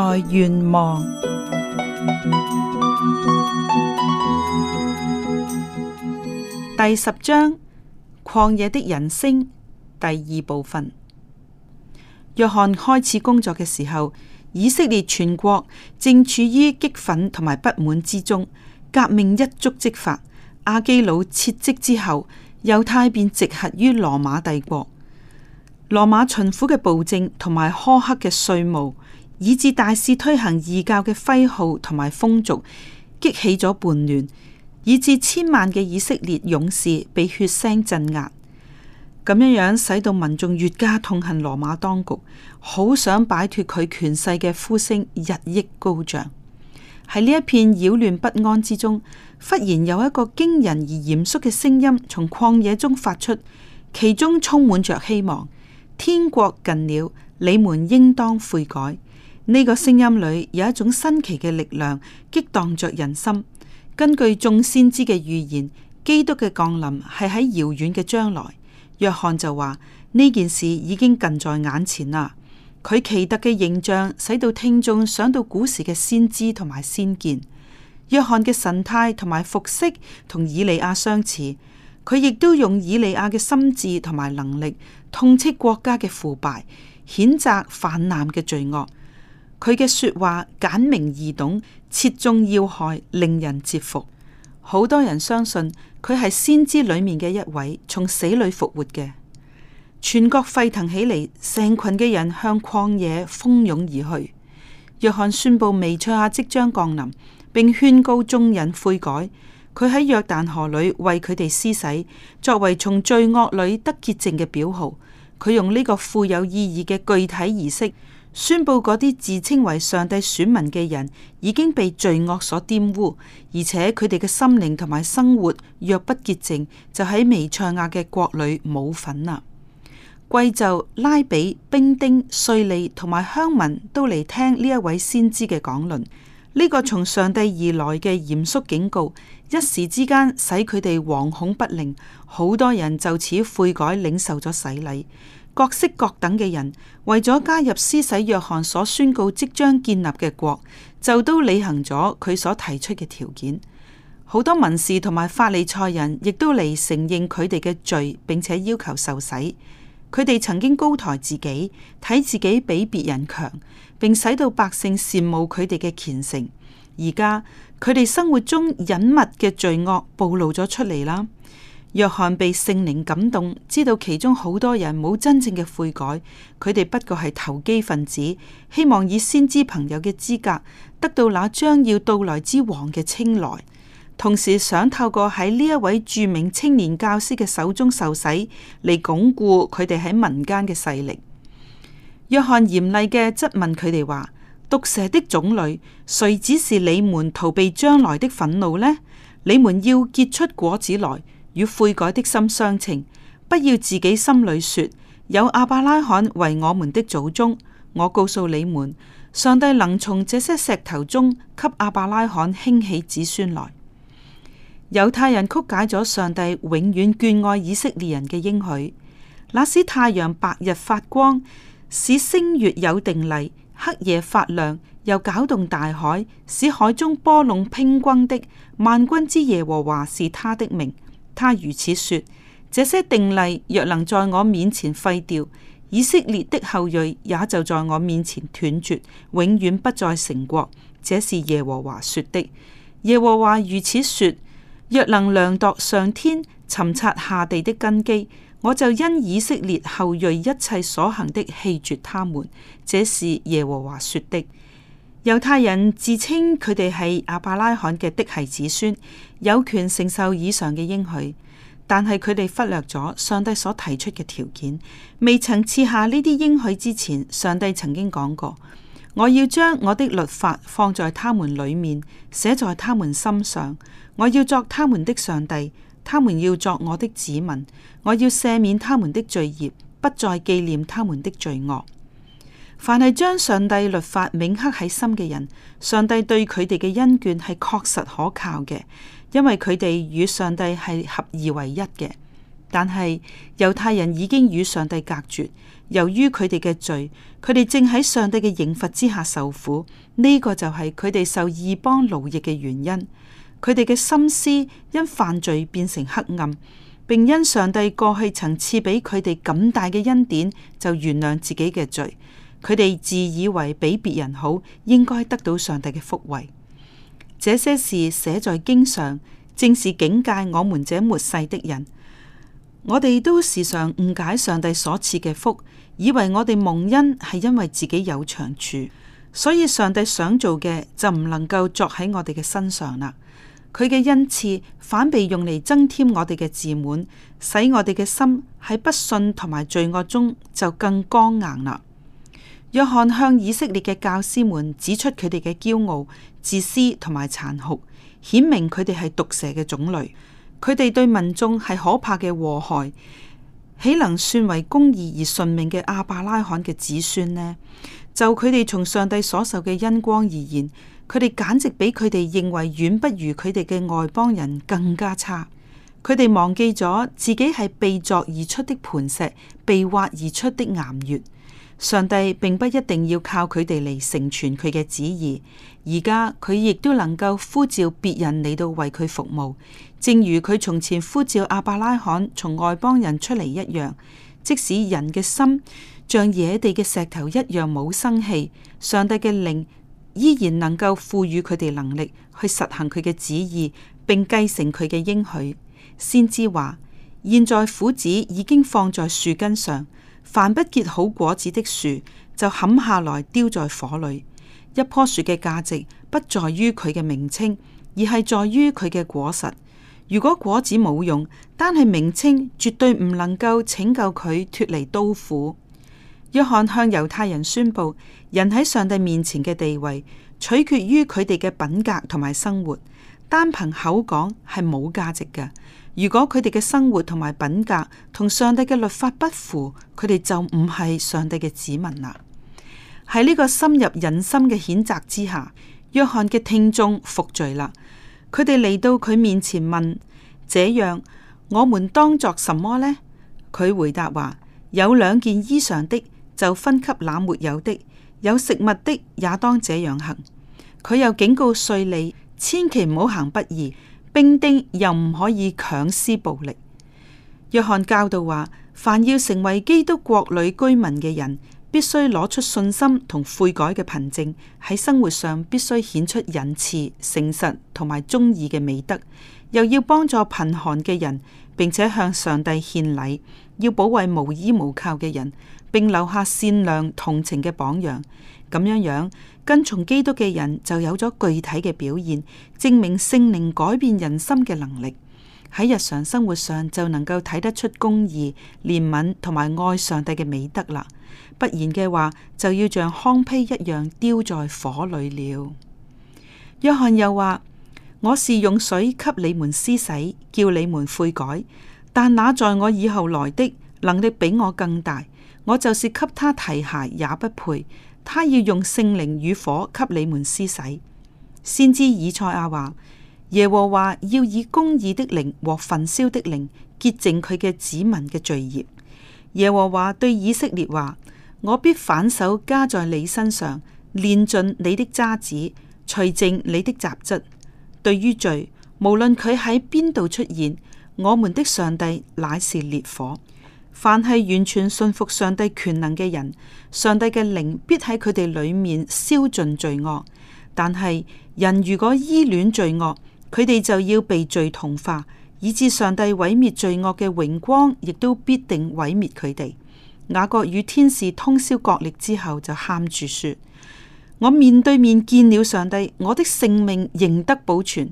在願望第十章，曠野的人聲第二部分。約翰開始工作嘅時候，以色列全國正處於激憤同埋不滿之中，革命一觸即發。亞基老撤職之後，猶太便直轄於羅馬帝國。羅馬巡撫嘅暴政同埋苛刻嘅稅務，以至大肆推行異教嘅徽號同埋風俗，激起咗叛亂，以至千萬嘅以色列勇士被血腥鎮壓，咁樣樣使到民眾越加痛恨羅馬當局，好想擺脫佢權勢嘅呼聲日益高漲。喺呢一片擾亂不安之中，忽然有一個驚人而嚴肅嘅聲音從曠野中發出，其中充滿着希望：天國近了，你們應當悔改。呢個聲音裏有一種新奇嘅力量，激盪着人心。根據眾先知嘅預言，基督嘅降臨係喺遙遠嘅將來。約翰就話呢件事已經近在眼前啦。佢奇特嘅形象，使到聽眾想到古時嘅先知同埋先見。約翰嘅神態同埋服飾同以利亞相似，佢亦都用以利亞嘅心智同埋能力，痛斥國家嘅腐敗，譴責泛濫嘅罪惡。佢嘅說話簡明易懂，切中要害，令人折服。好多人相信佢係先知裏面嘅一位，從死裏復活嘅。全國沸騰起嚟，成群嘅人向曠野蜂擁而去。約翰宣布彌賽亞即將降臨，並勸告眾人悔改。佢喺約旦河裏為佢哋施洗，作為從罪惡裏得潔淨嘅表號。佢用呢個富有意義嘅具體儀式，宣布嗰啲自稱為上帝選民嘅人已經被罪惡所玷污，而且佢哋嘅心靈同埋生活若不潔淨，就喺彌賽亞嘅國裏冇份啦。貴胄、拉比、兵丁、稅吏同埋鄉民都嚟聽呢一位先知嘅講論。呢、這個從上帝而來嘅嚴肅警告，一時之間使佢哋惶恐不寧，好多人就此悔改，領受咗洗禮。各式各等嘅人為咗加入施洗約翰所宣告即將建立嘅國，就都履行咗佢所提出嘅條件。好多文士同埋法利賽人亦都嚟承認佢哋嘅罪，並且要求受洗。佢哋曾經高抬自己，睇自己比別人強，並使到百姓羨慕佢哋嘅虔誠。而家佢哋生活中隱密嘅罪惡暴露咗出嚟啦。約翰被聖靈感動，知道其中好多人冇真正嘅悔改，佢哋不過係投機分子，希望以先知朋友嘅資格得到那將要到來之王嘅青睞，同時想透過喺呢一位著名青年教師嘅手中受洗，嚟鞏固佢哋喺民間嘅勢力。約翰嚴厲嘅質問佢哋話：毒蛇的種類，誰指示你們逃避將來的憤怒呢？你們要結出果子來。與悔改的心相稱，不要自己心裏說，有亞伯拉罕為我們的祖宗。我告訴你們，上帝能從這些石頭中給亞伯拉罕興起子孫來。猶太人曲解咗上帝永遠眷愛以色列人嘅應許，那使太陽白日發光，使星月有定例，黑夜發亮，又攪動大海，使海中波浪匉訇的，萬軍之耶和華是他的名。他如此說，這些定例若能在我面前廢掉，以色列的後裔也就在我面前斷絕，永遠不再成國。這是耶和華說的。耶和華如此說，若能量度上天、尋察下地的根基，我就因以色列後裔一切所行的棄絕他們。這是耶和華說的。猶太人自稱佢哋係亞伯拉罕嘅嫡系子孫，有權承受以上嘅應許。但係佢哋忽略咗上帝所提出嘅條件，未曾賜下呢啲應許之前，上帝曾經講過：我要將我的律法放在他們裏面，寫在他們心上。我要作他們的上帝，他們要作我的子民。我要赦免他們的罪孽，不再紀念他們的罪惡。凡係將上帝律法銘刻喺心嘅人，上帝對佢哋嘅恩眷係確實可靠嘅，因為佢哋與上帝係合二為一嘅。但係猶太人已經與上帝隔絕，由於佢哋嘅罪，佢哋正喺上帝嘅刑罰之下受苦。呢個就係佢哋受異邦奴役嘅原因。佢哋嘅心思因犯罪變成黑暗，並因上帝過去曾賜俾佢哋咁大嘅恩典，就原諒自己嘅罪。佢哋自以為比別人好，應該得到上帝嘅福惠。這些事寫在經上，正是警戒我們這末世的人。我哋都時常誤解上帝所賜嘅福，以為我哋蒙恩係因為自己有長處，所以上帝想做嘅就唔能夠作喺我哋嘅身上啦。佢嘅恩賜反被用嚟增添我哋嘅自滿，使我哋嘅心喺不信同埋罪惡中就更剛硬啦。約翰向以色列嘅教師們指出佢哋嘅驕傲、自私同埋殘酷，顯明佢哋係毒蛇嘅種類。佢哋對民眾係可怕嘅禍害，豈能算為公義而信命嘅亞伯拉罕嘅子孫呢？就佢哋從上帝所受嘅恩光而言，佢哋簡直比佢哋認為遠不如佢哋嘅外邦人更加差。佢哋忘記咗自己係被鑿而出的磐石，被挖而出的岩穴。上帝並不一定要靠佢哋嚟成全佢嘅旨意，而家佢亦都能夠呼召別人嚟到為佢服務，正如佢從前呼召亞伯拉罕從外邦人出嚟一樣。即使人嘅心像野地嘅石頭一樣冇生氣，上帝嘅靈依然能夠賦予佢哋能力去實行佢嘅旨意，並繼承佢嘅應許。先知話：「現在斧子已經放在樹根上。」凡不結好果子的樹，就砍下來丟在火裏。一棵樹嘅價值不在於佢嘅名稱，而係在於佢嘅果實。如果果子冇用，單係名稱絕對唔能夠拯救佢脱離刀斧。約翰向猶太人宣布：人喺上帝面前嘅地位，取決於佢哋嘅品格同埋生活。單憑口講係冇價值嘅。如果佢哋嘅生活同埋品格同上帝嘅律法不符，佢哋就唔係上帝嘅子民啦。喺呢個深入人心嘅譴責之下，約翰嘅聽眾服罪啦。佢哋嚟到佢面前問：這樣我們當作什麼呢？佢回答話：有兩件衣裳的就分給那沒有的，有食物的也當這樣行。佢又警告稅吏：「千祈唔好行不義。兵丁又唔可以強施暴力。約翰教導話：凡要成為基督國裏居民嘅人，必須攞出信心同悔改嘅憑證；喺生活上必須顯出仁慈、誠實同埋忠義嘅美德，又要幫助貧寒嘅人，並且向上帝獻禮，要保衛無依無靠嘅人，並留下善良同情嘅榜樣。咁樣樣跟從基督嘅人就有咗具體嘅表現，證明聖靈改變人心嘅能力，喺日常生活上就能夠睇得出公義、憐憫同埋愛上帝嘅美德啦。不然嘅話，就要像糠秕一樣丟在火裏了。約翰又話：我是用水給你們施洗，叫你們悔改，但那在我以後來的，能力比我更大。我就是給他提鞋也不配，他要用聖靈與火給你們施洗。先知以賽亞話：耶和華要以公義的靈和焚燒的靈潔淨佢嘅子民嘅罪孽。耶和華對以色列話：我必反手加在你身上，煉盡你的渣滓，除淨你的雜質。對於罪，無論佢喺邊度出現，我們的上帝乃是烈火。凡係完全信服上帝權能嘅人，上帝嘅靈必喺佢哋裏面消盡罪惡。但係人如果依戀罪惡，佢哋就要被罪同化，以致上帝毀滅罪惡嘅榮光，亦都必定毀滅佢哋。雅各與天使通宵角力之後，就喊住說：我面對面見了上帝，我的性命仍得保存。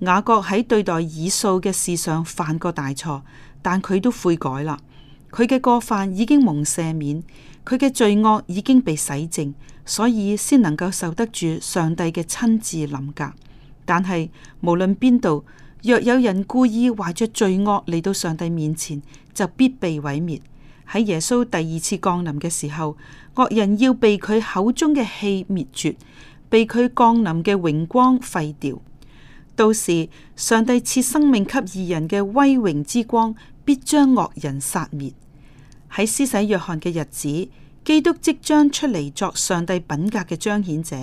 雅各喺對待以掃嘅事上犯過大錯，但佢都悔改啦。佢嘅過犯已經蒙赦免，佢嘅罪惡已經被洗淨，所以先能夠受得住上帝嘅親自臨格。但係無論邊度，若有人故意懷着罪惡嚟到上帝面前，就必被毀滅。喺耶穌第二次降臨嘅時候，惡人要被佢口中嘅氣滅絕，被佢降臨嘅榮光廢掉。到時，上帝賜生命給義人嘅威榮之光。必將惡人殺滅。喺施洗約翰嘅日子，基督即將出嚟作上帝品格嘅彰顯者。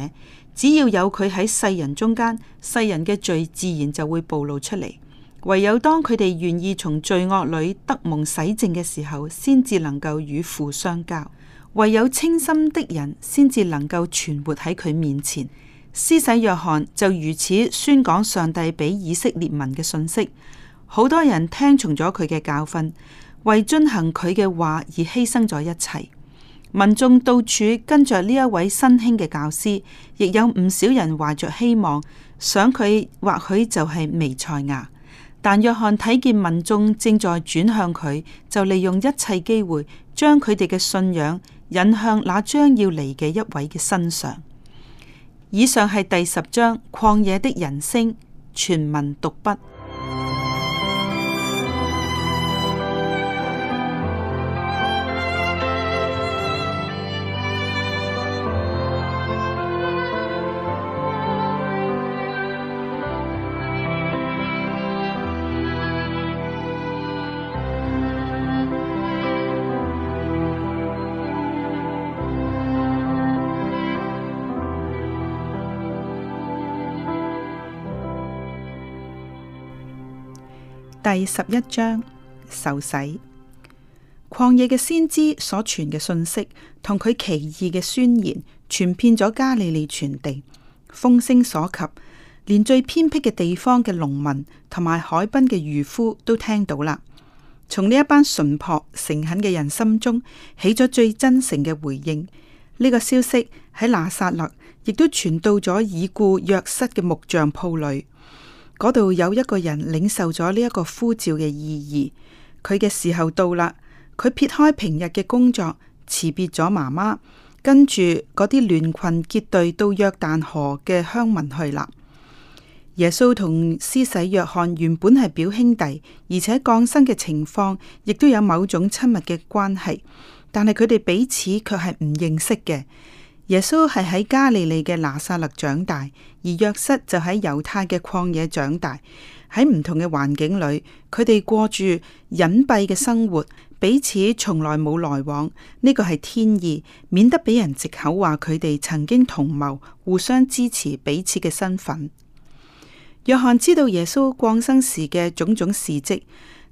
只要有佢喺世人中間，世人嘅罪自然就會暴露出嚟。唯有當佢哋願意從罪惡裏得蒙洗淨嘅時候，先至能夠與父相交。唯有清心的人，先至能夠存活喺佢面前。施洗約翰就如此宣講上帝俾以色列民嘅信息。好多人聽從咗佢嘅教訓，為遵行佢嘅話而犧牲咗一切。民眾到處跟着呢一位新興嘅教師，亦有唔少人懷着希望，想佢或許就係彌賽亞。但約翰睇見民眾正在轉向佢，就利用一切機會將佢哋嘅信仰引向那將要嚟嘅一位嘅身上。以上係第十章曠野的人聲全文讀畢。第十一章受洗，曠野嘅先知所傳嘅信息同佢奇異嘅宣言，傳遍咗加利利全地，風聲所及，連最偏僻嘅地方嘅農民同埋海濱嘅漁夫都聽到啦。從呢一班淳樸誠懇嘅人心中，起咗最真誠嘅回應。呢、這個消息喺拿撒勒，亦都傳到咗已故約瑟嘅木匠鋪裏。嗰度有一個人領受咗呢一個呼召嘅意義，佢嘅時候到啦，佢撇開平日嘅工作，辭別咗媽媽，跟住嗰啲聯群結隊到約旦河嘅鄉民去啦。耶穌同施洗約翰原本係表兄弟，而且降生嘅情況亦都有某種親密嘅關係，但係佢哋彼此卻係唔認識嘅。耶穌係喺加利利嘅拿撒勒長大，而約瑟就喺猶太嘅曠野長大。喺唔同嘅環境裏，佢哋過住隱蔽嘅生活，彼此從來冇來往。呢個係天意，免得俾人藉口話佢哋曾經同謀，互相支持彼此嘅身份。約翰知道耶穌降生時嘅種種事蹟，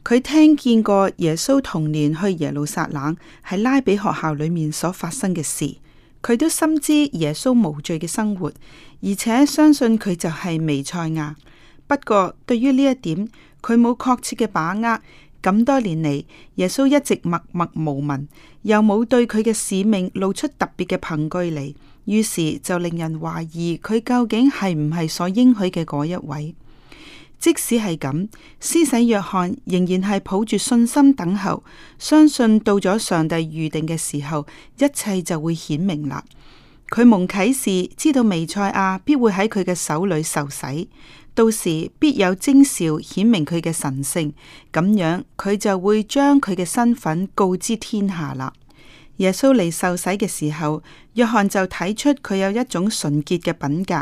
佢聽見過耶穌童年去耶路撒冷，喺拉比學校裏面所發生嘅事。佢都深知耶穌無罪嘅生活，而且相信佢就係彌賽亞。不過，對於呢一點，佢冇確切嘅把握。咁多年嚟，耶穌一直默默無聞，又冇對佢嘅使命露出特別嘅憑據嚟，於是就令人懷疑佢究竟係唔係所應許嘅嗰一位。即使係咁，施洗約翰仍然係抱住信心等候，相信到咗上帝預定嘅時候，一切就會顯明啦。佢蒙啟示，知道彌賽亞必會喺佢嘅手裏受洗，到時必有徵兆顯明佢嘅神聖，咁樣佢就會將佢嘅身份告知天下啦。耶穌嚟受洗嘅時候，約翰就睇出佢有一種純潔嘅品格，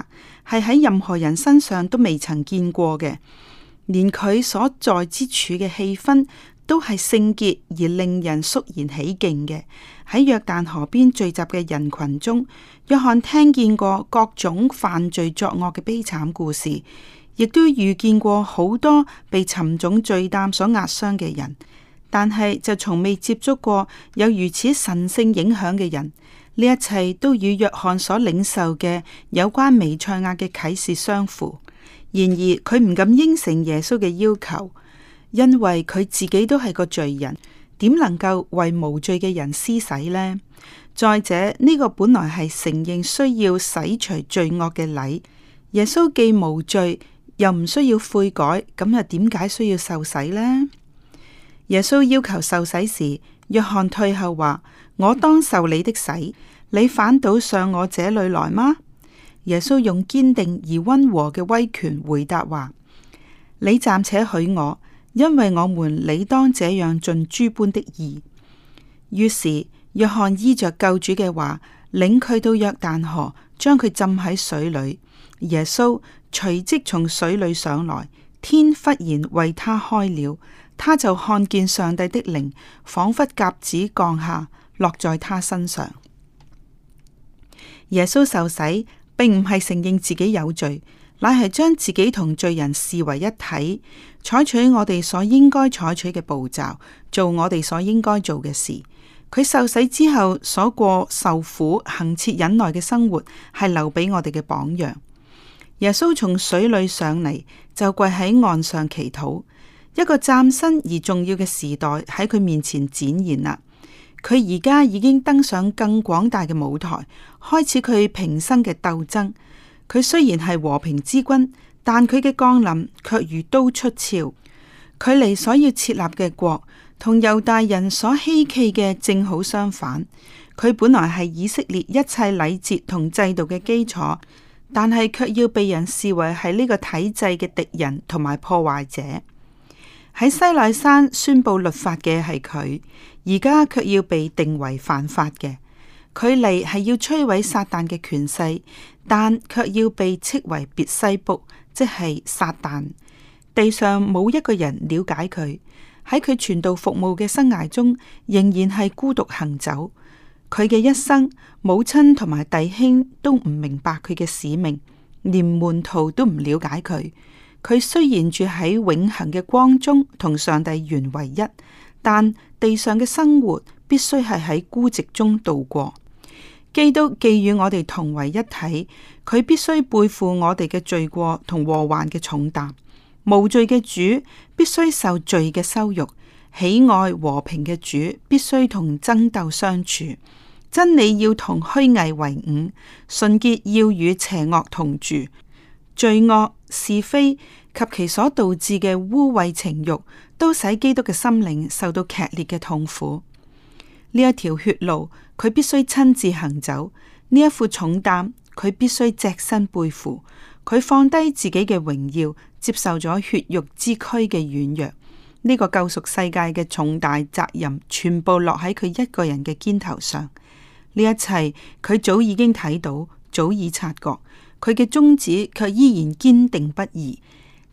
係喺任何人身上都未曾見過嘅。連佢所在之處嘅氣氛都係聖潔而令人肅然起敬嘅。喺約旦河邊聚集嘅人群中，約翰聽見過各種犯罪作惡嘅悲慘故事，亦都遇見過好多被沉重罪擔所壓傷嘅人。但係就從未接觸過有如此神聖影響嘅人，呢一切都與約翰所領受嘅有關彌賽亞嘅啟示相符。然而佢唔敢應承耶穌嘅要求，因為佢自己都係個罪人，點能夠為無罪嘅人施洗呢？再者，呢個本來係承認需要洗除罪惡嘅禮，耶穌既無罪又唔需要悔改，咁又點解需要受洗呢？耶穌要求受洗時，約翰退後話：我當受你的洗，你反倒上我這裏來嗎？耶穌用堅定而温和嘅威權回答話：你暫且許我，因為我們理當這樣盡諸般的義。於是，約翰依着救主嘅話，領佢到約旦河，將佢浸喺水裏。耶穌隨即從水裏上來，天忽然為他開了。他就看見上帝的靈仿佛鴿子降下，落在他身上。耶穌受洗，並唔係承認自己有罪，乃係將自己同罪人視為一體，採取我哋所應該採取嘅步驟，做我哋所應該做嘅事。佢受洗之後所過受苦、行切忍耐嘅生活，係留俾我哋嘅榜樣。耶穌從水裏上嚟，就跪喺岸上祈禱。一個嶄新而重要嘅時代喺佢面前展現啦。佢而家已經登上更廣大嘅舞台，開始佢平生嘅鬥爭。佢雖然係和平之君，但佢嘅降臨卻如刀出鞘。佢離所要設立嘅國同猶大人所希冀嘅正好相反。佢本來係以色列一切禮節同制度嘅基礎，但係卻要被人視為係呢個體制嘅敵人同埋破壞者。喺西奈山宣布律法嘅係佢，而家卻要被定為犯法嘅。佢嚟係要摧毀撒旦嘅權勢，但卻要被斥為別西卜，即係撒旦。地上冇一個人了解佢。喺佢傳道服務嘅生涯中，仍然係孤獨行走。佢嘅一生，母親同埋弟兄都唔明白佢嘅使命，連門徒都唔了解佢。佢雖然住喺永恒嘅光中，同上帝原為一，但地上嘅生活必須係喺孤寂中度過。基督既與我哋同為一體，佢必須背負我哋嘅罪過同禍患嘅重擔。無罪嘅主必須受罪嘅羞辱，喜愛和平嘅主必須同爭鬥相處。真理要同虛偽為伍，純潔要與邪惡同住，罪惡，是非及其所導致嘅污穢情欲，都使基督嘅心靈受到劇烈嘅痛苦。呢一條血路，佢必須親自行走；呢一副重擔，佢必須隻身背負。佢放低自己嘅榮耀，接受咗血肉之軀嘅軟弱。呢個救贖世界嘅重大責任，全部落喺佢一個人嘅肩頭上。呢一切，佢早已經睇到，早已察覺。佢嘅宗旨卻依然堅定不移，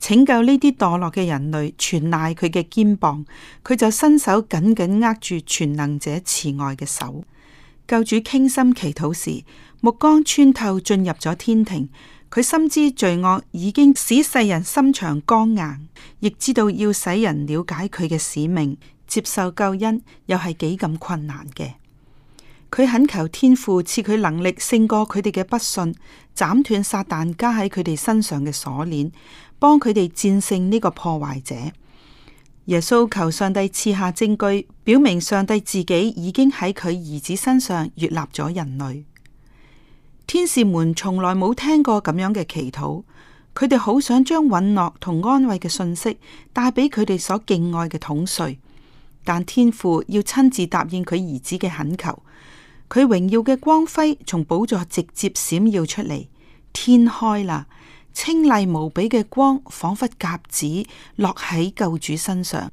拯救呢啲墮落嘅人類，全賴佢嘅肩膀，佢就伸手緊緊握住全能者慈愛嘅手。救主傾心祈禱時，目光穿透進入咗天庭，佢深知罪惡已經使世人心腸剛硬，亦知道要使人了解佢嘅使命、接受救恩，又係幾咁困難嘅。佢懇求天父賜佢能力勝過佢哋嘅不信，斬斷撒旦加喺佢哋身上嘅鎖鏈，幫佢哋戰勝呢個破壞者。耶穌求上帝賜下證據，表明上帝自己已經喺佢兒子身上悅納咗人類。天使們從來冇聽過咁樣嘅祈禱，佢哋好想將允諾同安慰嘅信息帶俾佢哋所敬愛嘅統帥，但天父要親自答應佢兒子嘅懇求。佢榮耀嘅光輝從寶座直接閃耀出嚟，天開啦，清麗無比嘅光仿佛鴿子落喺救主身上。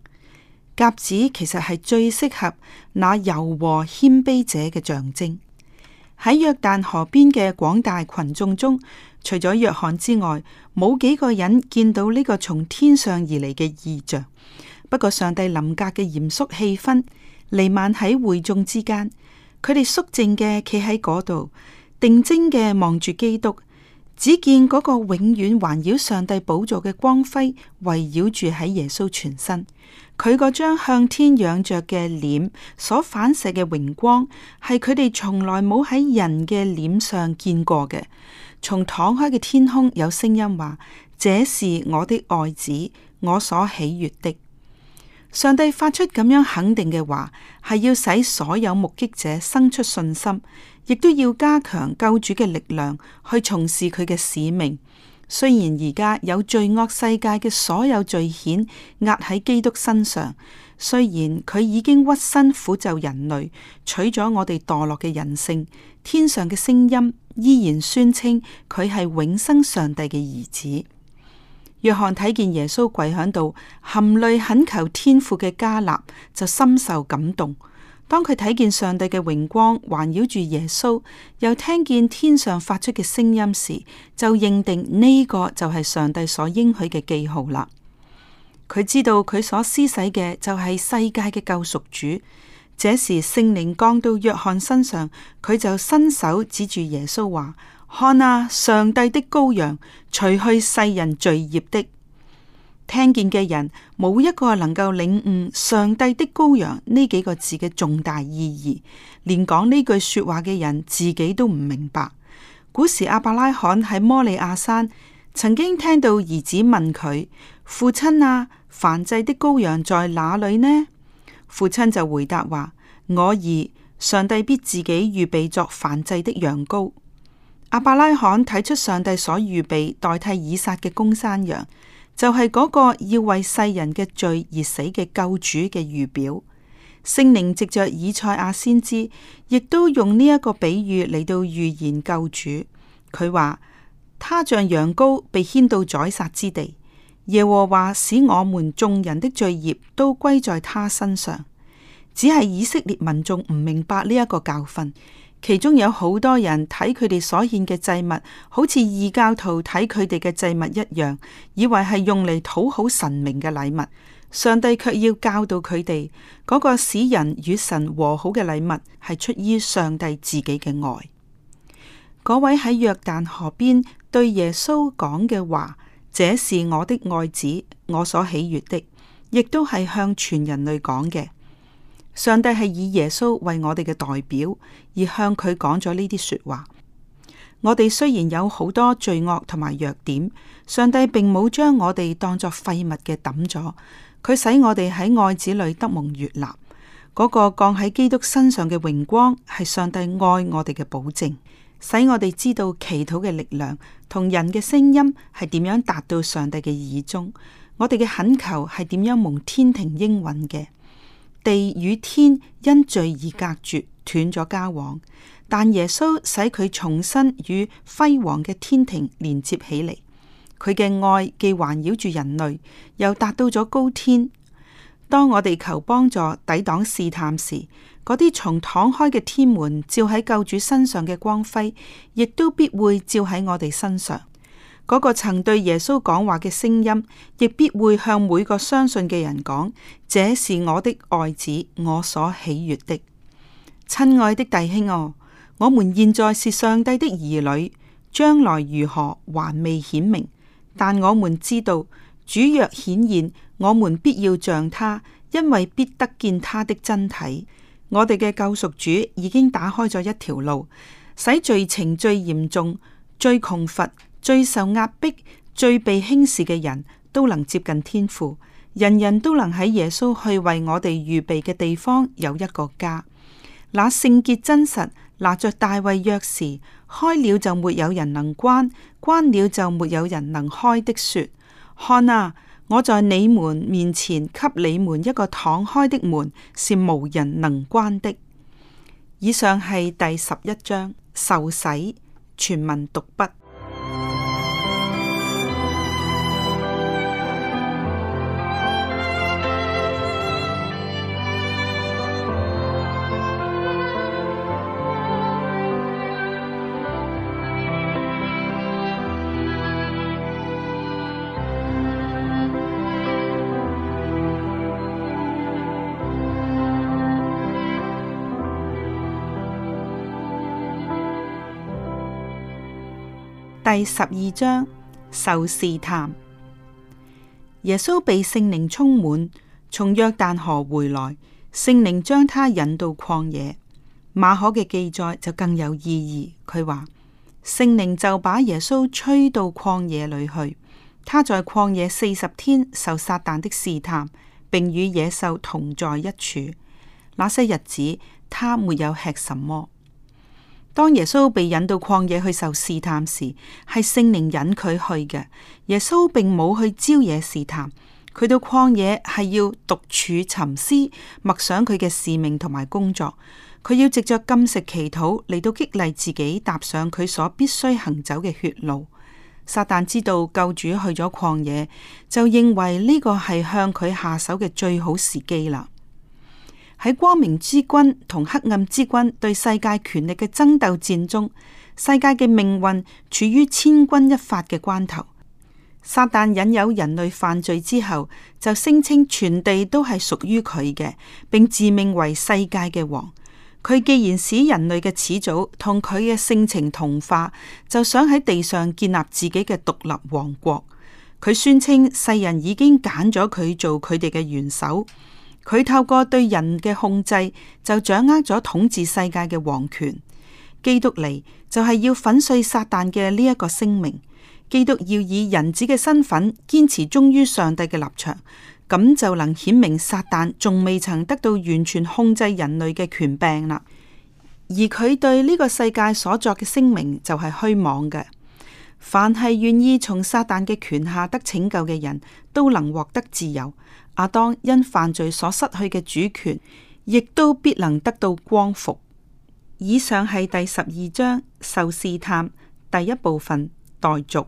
鴿子其實係最適合那柔和謙卑者嘅象徵。喺約旦河邊嘅廣大群眾中，除咗約翰之外，冇幾個人見到呢個從天上而嚟嘅異象。不過，上帝臨格嘅嚴肅氣氛彌漫喺會眾之間。佢哋肅靜嘅企喺嗰度，定睛嘅望住基督。只見嗰個永遠環繞上帝寶座嘅光輝圍繞住喺耶穌全身。佢嗰張向天仰着嘅臉所反射嘅榮光，係佢哋從來冇喺人嘅臉上見過嘅。從敞開嘅天空有聲音話：這是我的愛子，我所喜悦的。上帝發出咁樣肯定嘅話，係要使所有目擊者生出信心，亦都要加強救主嘅力量去從事佢嘅使命。雖然而家有罪惡世界嘅所有罪愆壓喺基督身上，雖然佢已經屈身苦咒人類，取咗我哋墮落嘅人性，天上嘅聲音依然宣稱佢係永生上帝嘅兒子。約翰睇見耶穌跪喺度，含淚懇求天父嘅加納，就深受感動。當佢睇見上帝嘅榮光環繞住耶穌，又聽見天上發出嘅聲音時，就認定呢個就係上帝所應許嘅記號啦。佢知道佢所施洗嘅就係世界嘅救贖主。這時聖靈降到約翰身上，佢就伸手指住耶穌話：看啊！上帝的羔羊，除去世人罪孽的。聽見嘅人冇一個能夠領悟上帝的羔羊呢幾個字嘅重大意義，連講呢句說話嘅人自己都唔明白。古時阿伯拉罕喺摩利亞山，曾經聽到兒子問佢父親啊：燔祭的羔羊在哪裏呢？父親就回答話：我兒，上帝必自己預備作燔祭的羊羔。亞伯拉罕睇出上帝所預備代替以撒嘅公山羊，就係、是、嗰個要為世人嘅罪而死嘅救主嘅預表。聖靈藉着以賽亞先知，亦都用呢一個比喻嚟到預言救主。佢話：他像羊羔被牽到宰殺之地，耶和華使我們眾人的罪孽都歸在他身上。只係以色列民眾唔明白呢一個教訓。其中有好多人睇佢哋所獻嘅祭物，好似異教徒睇佢哋嘅祭物一樣，以為係用嚟討好神明嘅禮物。上帝卻要教導佢哋，嗰個使人與神和好嘅禮物係出於上帝自己嘅愛。嗰位喺約旦河邊對耶穌講嘅話：這是我的愛子，我所喜悅的，亦都係向全人類講嘅。上帝係以耶穌為我哋嘅代表，而向佢講咗呢啲說話。我哋雖然有好多罪惡同埋弱點，上帝並冇將我哋當作廢物嘅抌咗。佢使我哋喺愛子裏得蒙悅納。嗰個降喺基督身上嘅榮光，係上帝愛我哋嘅保證，使我哋知道祈禱嘅力量同人嘅聲音係點樣達到上帝嘅耳中。我哋嘅懇求係點樣蒙天庭應允嘅。地與天因罪而隔絕，斷咗交往。但耶穌使佢重新與輝煌嘅天庭連接起嚟。佢嘅愛既環繞住人類，又達到咗高天。當我哋求幫助抵擋試探時，嗰啲從敞開嘅天門照喺救主身上嘅光輝，亦都必會照喺我哋身上。嗰個曾對耶穌講話嘅聲音，亦必會向每個相信嘅人講：「這是我的愛子，我所喜悦的。」親愛的弟兄哦，我們現在是上帝的兒女，將來如何還未顯明，但我們知道主若顯現，我們必要像他，因為必得見他的真體。我哋嘅救贖主已經打開咗一條路，使罪情最嚴重、最窮乏。最受壓迫、最被輕視嘅人都能接近天父，人人都能喺耶穌去為我哋預備嘅地方有一個家。那聖潔真實拿着大衛約時，開了就沒有人能關，關了就沒有人能開的說。說看啊，我在你們面前給你們一個敞開的門，是無人能關的。以上係第十一章受洗全文讀畢。第十二章受試探，耶穌被聖靈充滿，從約旦河回來，聖靈將他引到曠野。馬可嘅記載就更有意義。佢話聖靈就把耶穌吹到曠野裏去。他在曠野四十天受撒旦的試探，並與野獸同在一處。那些日子，他沒有吃什麼。當耶穌被引到曠野去受試探時，係聖靈引佢去嘅。耶穌並冇去招惹試探，佢到曠野係要獨處沉思，默想佢嘅使命同埋工作。佢要藉着禁食祈禱嚟到激勵自己踏上佢所必須行走嘅血路。撒旦知道救主去咗曠野，就認為呢個係向佢下手嘅最好時機啦。喺光明之君同黑暗之君對世界權力嘅爭鬥戰中，世界嘅命運處於千鈞一髮嘅關頭。撒旦引誘人類犯罪之後，就聲稱全地都係屬於佢嘅，並自命為世界嘅王。佢既然使人類嘅始祖同佢嘅性情同化，就想喺地上建立自己嘅獨立王國。佢宣稱世人已經揀咗佢做佢哋嘅元首。佢透過對人嘅控制，就掌握咗統治世界嘅王權。基督嚟就係要粉碎撒旦嘅呢一個聲明。基督要以人子嘅身份堅持忠於上帝嘅立場，咁就能顯明撒旦仲未曾得到完全控制人類嘅權柄啦。而佢對呢個世界所作嘅聲明就係虛妄嘅。凡係願意從撒旦嘅權下得拯救嘅人都能獲得自由。阿當因犯罪所失去嘅主權，亦都必能得到光復。以上係第十二章受試探第一部分待續。